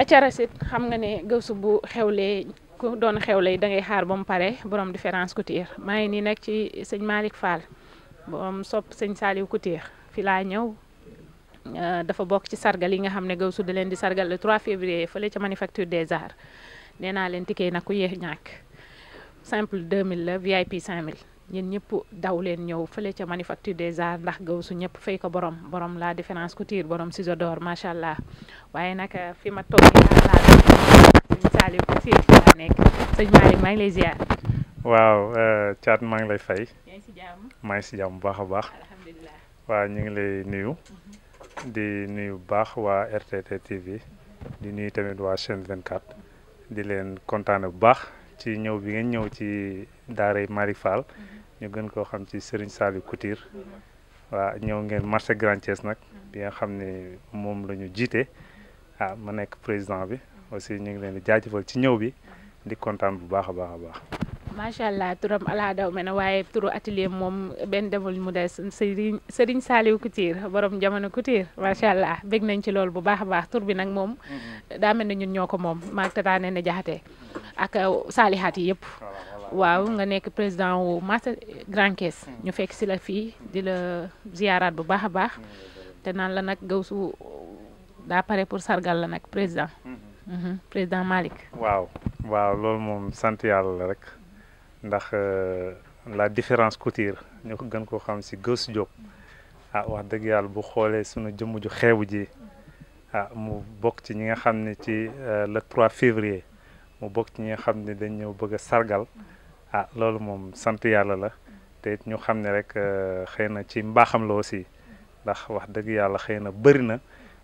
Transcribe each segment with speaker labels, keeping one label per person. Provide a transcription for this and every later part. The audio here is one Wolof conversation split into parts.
Speaker 1: acarasit xam nga ne gëwsu bu xew xewlee ku doon xewlee da ngay xaar ba mu pare borom différence couture maa ngi nii nag ci sëñ Malick Fall borom sopp sëñ Saliou couture fi laa ñëw euh, dafa bokk ci sargal yi nga xam ne gëwsu da leen di sargal le 3 février fële ca manufacture des arts nee naa leen tikkee nag ku yéex ñàkk simple 2000 la VIP 5000. ñun ñëpp daw leen ñëw fële ca Manufacture des Arts ndax gaw su ñëpp fay ko borom borom la différence couture borom ciseau d'or macha allah waaye nag euh, fi ma toog nii laa maa ngi lay ziar.
Speaker 2: waaw euh, maa ngi lay fay. yaa ngi si jàmm bu baax a baax. alhamdulilah waaw ñu ngi lay nuyu. Mhm. di nuyu bu baax waa RTT TV. di nuyu tamit waa chaîne 24. di leen kontaane bu baax ci ñëw bi nga ñëw ci daaray Malick Fall. Mhm. ñu gën koo xam ci Serigne Saliou Couture waa ñëw ngeen marché Grand Thiès nag bi nga xam ne moom la jiite ah mu nekk président bi aussi ñu ngi leen di jaajëfal ci ñëw bi di kontaan bu baax a baax a baax.
Speaker 1: macha allah turam ala daw me ne waaye turu atelier moom benn demul mu des Serigne Serigne Saliou Couture borom jamono Couture macha allah bég nañ ci lool bu baax a baax tur bi nag moom. Mm-hmm. daa mel ne ñun ñoo ko moom maag tata ne na jaxate ak uh, saalihaat yi yëpp. waaw nga nekk président wu Massa Grand Caisse hmm. ñu fekk si la fii di la ziyaaraat bu baax a baax hmm. te naan la nag su daa pare pour sargal la nag président hmm. mhm, président Malick
Speaker 2: waaw waaw loolu moom sant yàlla la rek ndax euh, la différence couture ñu ko gën koo xam si Gawsu Diop ah wax dëgg yàlla bu xoolee sunu jëmm ju xeebu ji ah mu bokk ci ñi nga xam ne ci euh, le trois février mu bokk ci ñi nga xam ne dañ ñëw bëgg a sargal ah loolu moom sant yàlla la te it ñu xam ne rek euh, xëy na ci mbaaxam la aussi ndax wax dëgg yàlla xëy na bëri na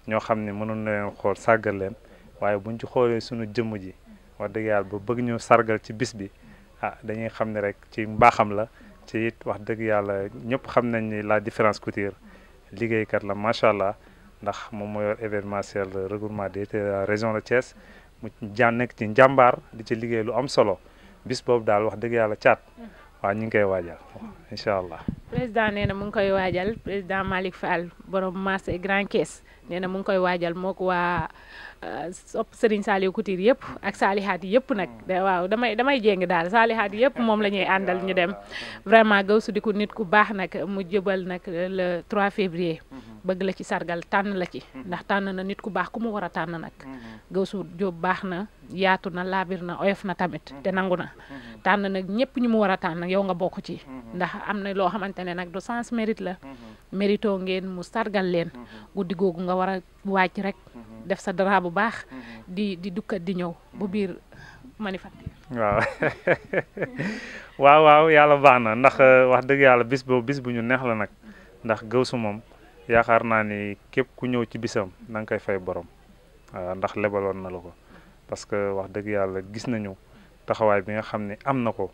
Speaker 2: ñoo xam ne mënoon na leen xool sàggal leen waaye buñ ci xoolee suñu jëmm ji wax dëgg yàlla ba bëgg ñu sargal ci bis bi ah dañuy xam ne rek ci mbaaxam la ci it wax dëgg yàlla ñëpp xam nañ ni la différence couture liggéeykat la macha allah ndax moom moo yor événementiel euh, regroupement des euh, région de Thiès mu jaan nekk ci njàmbaar di ci liggéey lu am solo bis boobu daal wax dëgg yàlla caat mm. waaw ñu ngi koy waajal incha allah.
Speaker 1: président nee na mu ngi koy waajal président Malick Fall borom marché Grand Thiès nee na mu ngi koy waajal mook waa. sopp Serigne Saliou Couture yëpp ak saalihaat yi yëpp nag hmm. waaw damay damay jéng daal saalihaat yëpp moom la àndal ñu dem vraiment Gawsu di ko nit ku baax nag mu jëbal nag la trois février mm-hmm. bëgg la ci sargal tànn la ci mm-hmm. ndax tànn na nit ku baax ku mu war a tànn nag mm-hmm. Gawsu Jóob baax na yaatu na laabir na oyof na tamit te nangu na tànn nag ñëpp ñu mu war a tànn yow nga bokk ci ndax am na loo xamante ne nag du sens mérite la mérito ngeen mu sargal leen guddi googu nga war def sa dara bu baax. Mm-hmm. di di dukkat di ñëw bu mm-hmm. biir manufacture.
Speaker 2: waaw waaw yàlla baax na ndax mm-hmm. euh, wax dëgg yàlla bis boo bis bu ñu neex la nag ndax Gawsu moom yaakaar naa ni képp ku ñëw ci bisam na nga koy fay borom ndax lebaloon na la ko parce que wax dëgg yàlla gis nañu taxawaay bi nga xam ne am na ko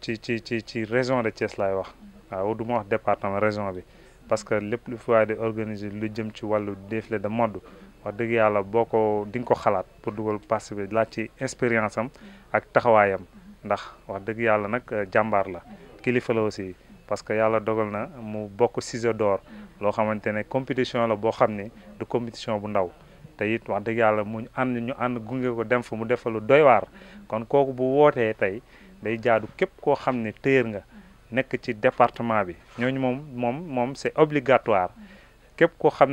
Speaker 2: ci ci ci ci région de Thiès laay wax waaw du ma wax département région bi parce que lépp lu fi waaye di organiser lu jëm ci wàllu défilé de mode wax dëgg yàlla boo ko di nga ko xalaat pour dugal participer laaj ci expérience am ak taxawaayam ndax wax dëgg yàlla nag euh, jàmbaar la kilifa la aussi parce que yàlla dogal na mu bokk ciseau door loo xamante ne compétition la boo xam ni du compétition bu ndaw te it wax dëgg yàlla mu ànd ñu ànd gunge ko dem fa mu defalu lu doy waar kon kooku bu wootee tey day jaadu képp koo xam ne téer nga nekk ci département bi ñooñu moom moom moom c'est obligatoire képp koo xam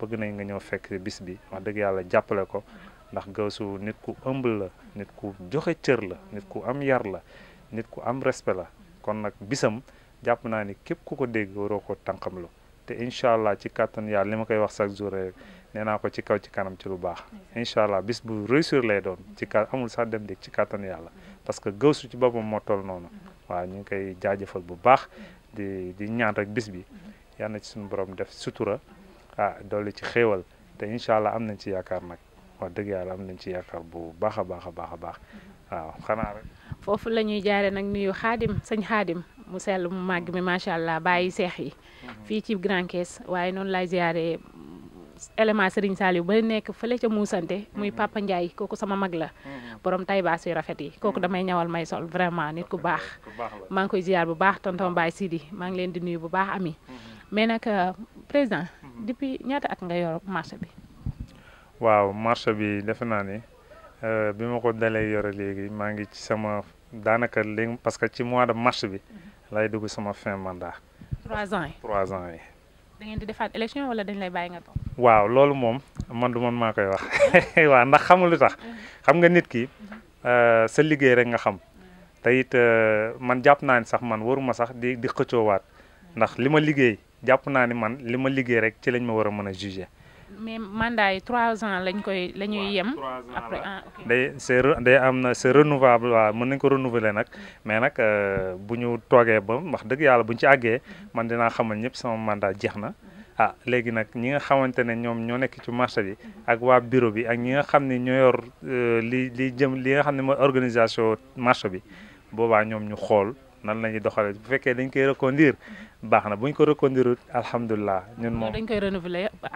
Speaker 2: bëgg nañ nga ñëw fekk bis bi wax dëgg yàlla jàppale ko ndax Gawsu nit ku ëmb la nit ku joxe cër la nit ku am yar la nit ku am respect la kon nag bisam jàpp naa ni képp ku ko dégg waroo ko lu te incha allah ci kàttan yàlla li ma koy wax chaque jour rek nee ko ci kaw ci kanam ci lu baax incha allah bis bu réussir lay doon ci ka amul sax dem dégg ci kàttan yàlla parce que Gawsu ci boppam moo toll noonu waaw ñu ngi koy jaajëfal bu baax di di ñaan bis bi yal na ci suñu borom def sutura ah dolli ci xéewal te incha allah am nañ ci yaakaar nag wax dëgg yàlla am nañ ci yaakaar bu baax a baax a baax a baax waaw xanaa rek.
Speaker 1: foofu la ñuy jaare nag nuyu xaadim sëñ xaadim mu sell mu màgg mi macha allah bàyyi seex yi. Mhm. fii ci Grand Thiès waaye noonu laay ziare élément saal yu ba nekk fële ca muusante muy mhm. Papa Ndiaye kooku sama mag la mhm. boroom tay baas yu rafet yi kooku damay ñawal may sol vraiment nit ku baax maa koy ziar bu baax tonton Baye Sidi maa mais nag euh, président. depuis ñaata at nga yor marché bi.
Speaker 2: waaw marché bi defe naa ne euh, bi ma ko dalee yore léegi maa ngi ci sama daanaka léegi parce que ci mois de mars bi mhm. lay dugg sama fin mandat. trois ans yi trois ans yi.
Speaker 1: da di defaat élection wala dañ lay bàyyi nga toog.
Speaker 2: waaw loolu moom man du man maa koy wax waaw ndax xamul lu tax mhm. xam nga nit ki mhm. euh, sa liggéey rek nga xam te it man jàpp naa ne sax man waruma sax di di xëccoowaat ndax li ma liggéey. jàpp naa ni man li ma liggéey rek ci lañ ma war a mën a juger.
Speaker 1: mais mandat yi trois ans lañ koy la yem. après ah,
Speaker 2: day c'est day am na c'est renouvelable waaw mën nañ ko renouveler nag. Mm. mais nag euh, bu ñu toogee ba wax dëgg yàlla bu ñu ci àggee mm-hmm. man dinaa xamal ñëpp sama mandat jeex na. Mm-hmm. ah léegi nag ñi nga xamante ne ñoom ñoo nekk ci marché bi mm-hmm. ak waa bureau bi ak ñi nga xam ne ñoo yor euh, li li jëm li nga xam ne mooy organisation marché bi boobaa ñoom ñu xool. nan la ñuy doxalee bu fekkee dañ koy reconduire baax na bu ñu ko reconduire alhamdulilah ñun moom dañ
Speaker 1: koy renouveler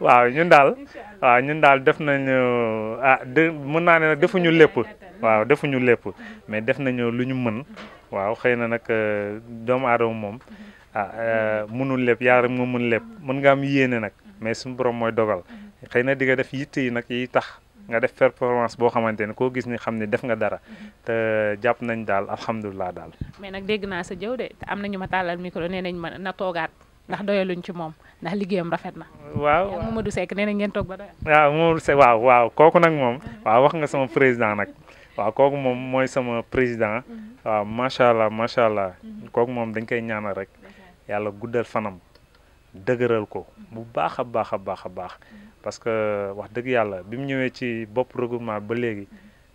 Speaker 2: waaw ñun daal waaw ñun daal def nañu ah de mën naa ne nag defuñu lépp waaw defuñu lépp mm-hmm. mais def nañu lu ñu mën waaw xëy na nag euh, doomu aadama moom mm-hmm. ah euh, mënul lépp yaaram nga mën lépp mën nga am yéene nag mm-hmm. mais suñ borom mooy dogal xëy na di def yitte nag yi tax nga def performance boo xamante ne koo gis ni xam ne def nga dara te jàpp nañ daal alhamdulilah daal.
Speaker 1: mais nag dégg naa sa jëw de am na ñu ma tàllal micro nee nañ ma na toogaat ndax doyaluñ ci moom ndax liggéeyam rafet na. waaw waaw Mamadou Seck nee na ngeen toog ba doyal.
Speaker 2: waaw Mamadou waaw waaw kooku nag moom. waaw wax nga sama président nag. waaw kooku moom mooy sama président. waaw macha allah macha allah. kooku moom dañ koy ñaanal rek. yàlla guddal fanam. dëgëral ko bu baax baax a baax a baax. parce que wax dëgg yàlla bi mu ñëwee ci bopp regroupement ba léegi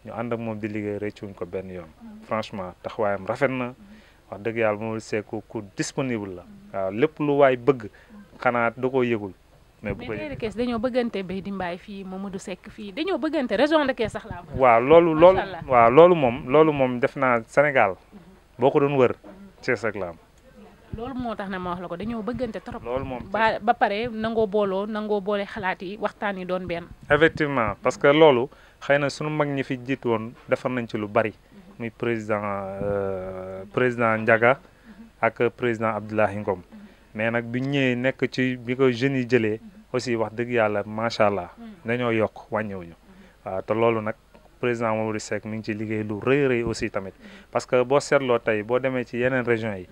Speaker 2: ñu ànd ak moom di liggéey rëccuñ ko benn yoon mm. franchement taxawaayam rafet na mm. wax dëgg yàlla moom seeku ku disponible la mm. lépp lu waay bëgg xanaa da koo yëgul mais bu
Speaker 1: Kees dañoo bëggante Baye Dimbaye fii Mamadou Seck fii dañoo bëggante région de Kees sax la
Speaker 2: waaw loolu loolu waaw loolu moom loolu moom def naa Sénégal mm-hmm. boo ko doon wër Cees mm-hmm. ak la
Speaker 1: loolu moo tax na ma wax la ko dañoo bëggante trop. loolu moom ba ba pare nangoo booloo nangoo boole xalaat yi waxtaan yi doon benn.
Speaker 2: effectivement parce que loolu xëy na sunu mag ñi fi jiit woon defar nañ ci lu bari. muy président euh, président Ndiaga ak président Abdoulaye Ngom. mais nag bi ñëwee nekk ci bi ko jeunes yi jëlee. aussi wax dëgg yàlla macha allah. dañoo yokk wàññiwuñu. waa te loolu nag. président Mamadou Seck mi ngi ci liggéey lu rëy rëy aussi tamit parce que boo seetloo tey boo ci yeneen région yi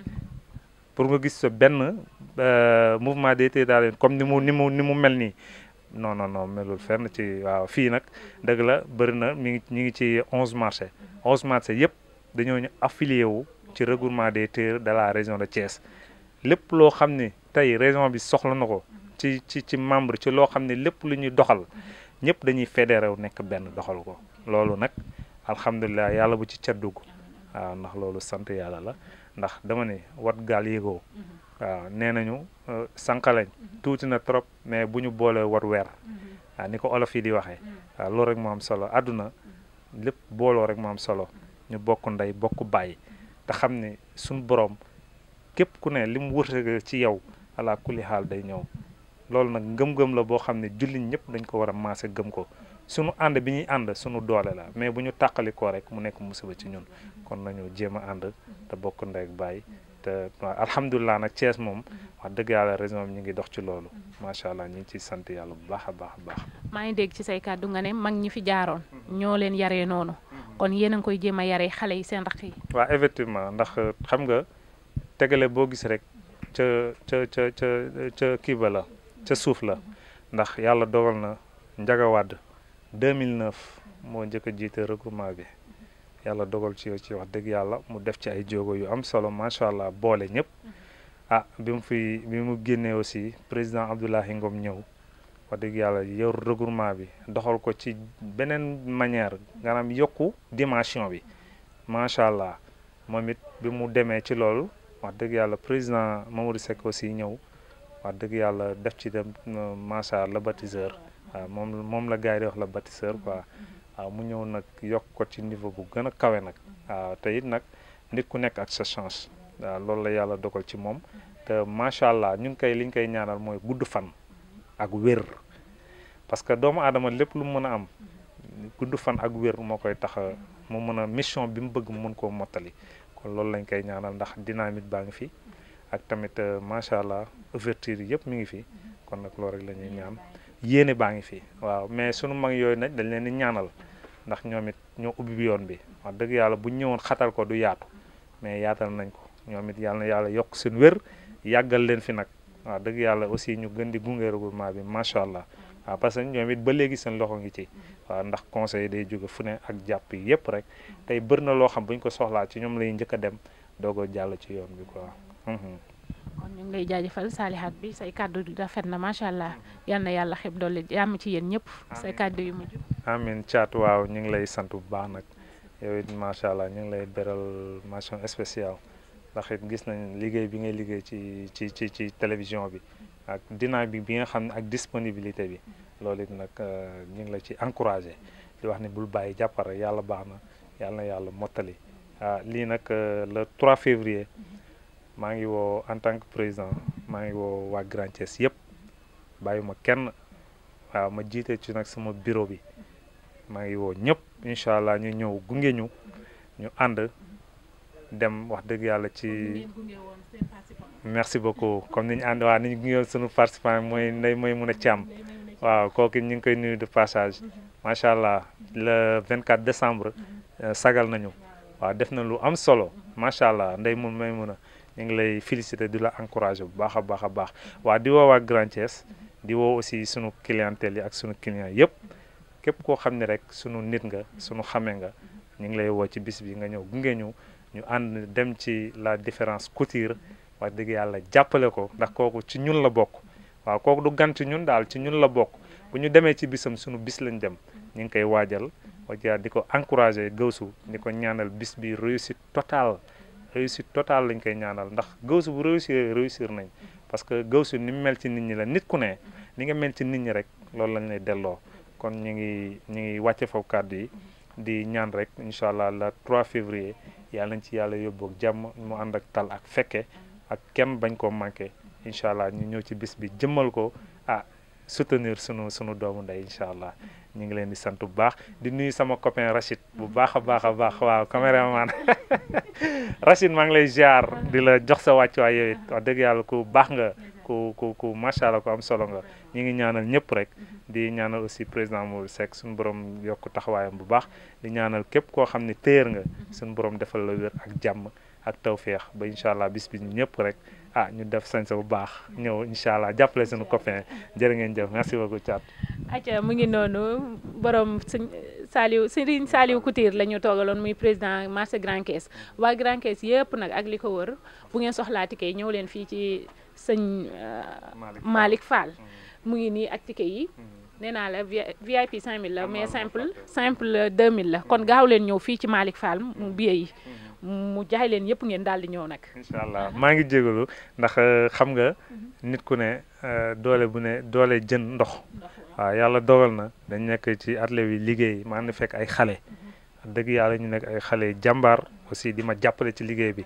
Speaker 2: pour nga gis sa benn euh, mouvement des Théodaliens comme ni mu ni mu ni mu mel nii non non non melul na ci waaw fii nag dëgg la bëri na mi ngi ñu ngi ci onze marché onze marché yëpp dañoo ñu affilié wu ci regroupement des terres de la région de Thiès lépp loo xam ne tey région bi soxla na ko ci ci ci membre ci loo xam ne lépp lu ñuy doxal ñëpp dañuy fédéré wu nekk benn doxal ko loolu nag alhamdulilah yàlla bu ci cat dugg waaw ndax loolu sant yàlla la ndax dama ne wat gaal yéegoo mhm. waaw nee nañu euh, sànqalañ mhm. tuuti na trop mais bu ñu boolee wat weer mhm. waaw ni ko olof yi di waxee waaw loolu rek moo am solo àdduna lépp booloo rek moo am solo ñu bokk ndey bokk bàyyi te xam ne suñ boroom képp ku ne li mu wërsëgal ci yow ala kulli xaal day ñëw loolu nag ngëm-ngëm la boo xam ne jullit ñëpp dañ ko war a maase gëm ko sunu ànd bi ñuy ànd sunu doole la mais bu ñu tàqalikoo rek mu nekk musiba ci ñun kon nañu jéem a ànd te bokk ndey ak bàyyi te waaw alhamdulilah nag cees moom wax dëgg yàlla raison bi ñu ngi dox ci loolu macha allah ñu ngi ciy sant yàlla
Speaker 1: bu baax a baax a baax. maa ngi dégg ci say kàddu nga ne mag ñi fi jaaroon. ñoo leen yaree noonu. kon yéen a ngi koy jéem a yaree xale yi seen raq yi.
Speaker 2: waaw effectivement ndax xam nga tegale boo gis rek ca ca ca ca ca kii ba ca suuf la ndax yàlla dogal na njagawaad. 2009 moo njëkk a jiite regroupement bi yàlla dogal ci ci wax dëgg yàlla mu def ci ay jéego yu am solo macha allah boole ñëpp ah bi mu fi bi mu génnee aussi président Abdoulaye Ngom ñëw wax dëgg yàlla yor regroupement bi doxal ko ci beneen manière maanaam yokku dimension bi macha allah moom it bi mu demee ci loolu wax dëgg yàlla président Mamadou Seck aussi ñëw wax dëgg yàlla def ci dem euh, macha allah bâtisseur waaw moom moom la gars yi di wax la bâtisseur quoi mm-hmm. waaw mu ñëw nag yokk ko ci niveau bu gën a kawe nag mm-hmm. waaw te it nag nit ku nekk ak sa chance waaw loolu la yàlla dogal ci moom mm-hmm. te macha allah ñu ngi koy li koy ñaanal mooy gudd fan ak wér parce que doomu aadama lépp lu mën a am gudd fan ak wér moo koy tax a mu mën a mission bi mu bëgg mu mën koo mottali kon loolu lañ koy ñaanal ndax dynamite baa ngi fii ak tamit euh, macha allah ouverture yëpp mu ngi fii kon nag loolu rek la ñuy ñaan. yéene baa ngi fi waaw mais sunu mag yooyu nag dañ leen di ñaanal ndax ñoomit it ñoo ubbi yoon bi wax dëgg yàlla bu ñëwoon xatal ko du yaatu mais yaatal nañ ko ñoomit yàlla na yàlla yokk seen wér yàggal leen fi nag wax dëgg yàlla aussi ñu gën di gunge maa bi macha allah waaw parce que ñoom it ba léegi seen loxo ngi ci waaw ndax conseil day jóge fu ne ak jàpp yi yëpp rek tey bëri na loo xam bu ko soxlaa ci ñoom lay njëkk a dem doogoo jàll ci yoon bi quoi.
Speaker 1: kon ñu ngi lay jaajëfal saalihaat bi say kàddu rafet na macha allah yal na yàlla xeb dolli yàmm ci yéen ñëpp. say kàddu yu mujj.
Speaker 2: amiin caat waaw ñu ngi lay sant bu baax nag yow it allah ñu ngi lay beral mention spéciale ndax gis nañ liggéey bi ngay liggéey ci ci ci ci télévision bi ak dynamique bi nga xam ne ak disponibilité bi loolu it nag euh, ñu ngi la ci encouragé di wax ne bul bàyyi jàppare yàlla baax na yàlla na yàlla mottali ah, lii nag euh, le 3 février. maa ngi woo en tant que président maa ngi woo waa Grand Thiès yëpp bàyyiwuma kenn waaw ma jiite ci nag sama bureau bi maa ngi woo ñëpp incha allah ñu ñëw gunge ñu ñu ànd dem wax dëgg yàlla ci. merci beaucoup comme ni ñu ànd waa ni ñu gunge woon sunu participant mooy nday mooy mun a càmm waaw kooku ñu ngi koy nuyu de passage mm-hmm. macha allah le quatre décembre mm-hmm. euh, sagal nañu waaw def na lu am solo mm-hmm. macha allah nday moom may mun ñu ngi lay félicité di la encouragé bu baax a baax a baax waa di woo waa Grand di woo aussi sunu clientèle yi ak sunu client yëpp képp koo xam ne rek sunu nit nga sunu xamee nga ñu ngi lay woo ci bis bi nga ñëw gungee ñu ñu ànd dem ci la différence couture wax dëgg yàlla jàppale ko ndax kooku ci ñun la bokk waaw kooku du gan ci ñun daal ci ñun la bokk bu ñu demee ci bisam sunu bis lañ dem ñu ngi koy waajal wax di ko encouragé gawsu di ko ñaanal réussite totale lañ koy ñaanal ndax Gawsu bu réussir réussir nañ parce que Gawsu ni mu mel ci nit ñi la nit ku ne ni nga mel ci nit ñi rek loolu lañ lay delloo kon ñu ngi ñu ngi wàcce foofu kàddu yi di ñaan rek incha allah la trois février yàlla nañ ci yàlla yóbbu jàmm mu ànd ak tal ak fekke ak kenn bañ koo manqué incha allah ñu ñëw ci bis bi jëmmal ko ah soutenir sunu sunu doomu ndey incha allah ñu ngi leen di sant bu baax di nuy sama copain Rachid bu baax a baax a baax waaw caméraman Rachid maa ngi lay ziar di la jox sa wàcc yow it wax dëgg yàlla ku baax nga ku ku ku macha allah ku am solo nga ñu ngi ñaanal ñëpp rek di ñaanal aussi président Modou Seck suñ borom yokk taxawaayam bu baax di ñaanal képp koo xam ni téer nga suñu borom defal la wér ak jàmm ak tawféex ba incha allah bis bi ñëpp rek. ah ñu def sañse bu baax ñëw incha allah jàppale suñu copain jërë ngeen jëf merci beaucoup Thiat.
Speaker 1: acca mu ngi noonu borom sëñ Saliou Serigne Saliou Couture la ñu toogaloon muy président marché Grand Thiès waa Grand Thiès yëpp nag ak li ko wër bu ngeen soxlaa ticket ñëw leen fii ci sëñ euh, Malick Fall mm-hmm. mu ngi nii ak ticket yi. Mm-hmm. nee naa la VIP 5000 la mais simple simple 2000 euh, la kon gaaw leen ñëw fii ci Malick Fall mu mm-hmm. billet yi mm-hmm. mu jaay leen yëpp ngeen daal di ñëw nag. incha allah
Speaker 2: maa ngi jégalu ndax euh, xam nga mm-hmm. nit ku ne euh, doole bu ne doole jën ndox. waaw yàlla dogal na dañ nekk ci atelier bi liggéey maa ngi fekk ay xale. dëgg yàlla ñu nekk ay xale jàmbaar aussi di ma jàppale ci liggéey bi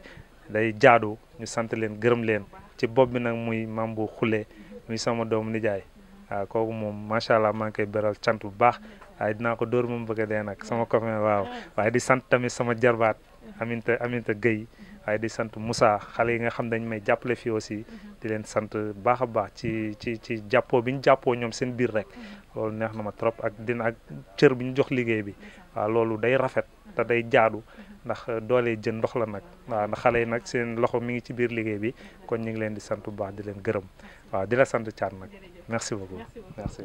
Speaker 2: day jaadu ñu sant leen gërëm leen ci bopp bi nag muy Mambu Xule muy sama doomu nijaay. waaw ah, kooku moom macha allah maa ngi koy beral cant bu baax waaye dinaa ko dóor moom bëgg a dee nag sama copain waaw waaye di sant tamit sama jarbaat Aminta Aminta Guèye waaye di sant Moussa xale yi nga xam dañ may jàppale fii aussi di leen sant baax a baax ci ci ci jàppoo bi ñu jàppoo ñoom seen biir rek loolu neex na ma trop ak dina ak cër bi ñu jox liggéey bi waaw loolu day rafet te day jaadu ndax doole jën ndox la nag waaw xale yi nag seen loxo mi ngi ci biir liggéey bi kon ñu ngi leen di sant bu baax di leen gërëm waaw di la sant caat nag Merci beaucoup. Merci.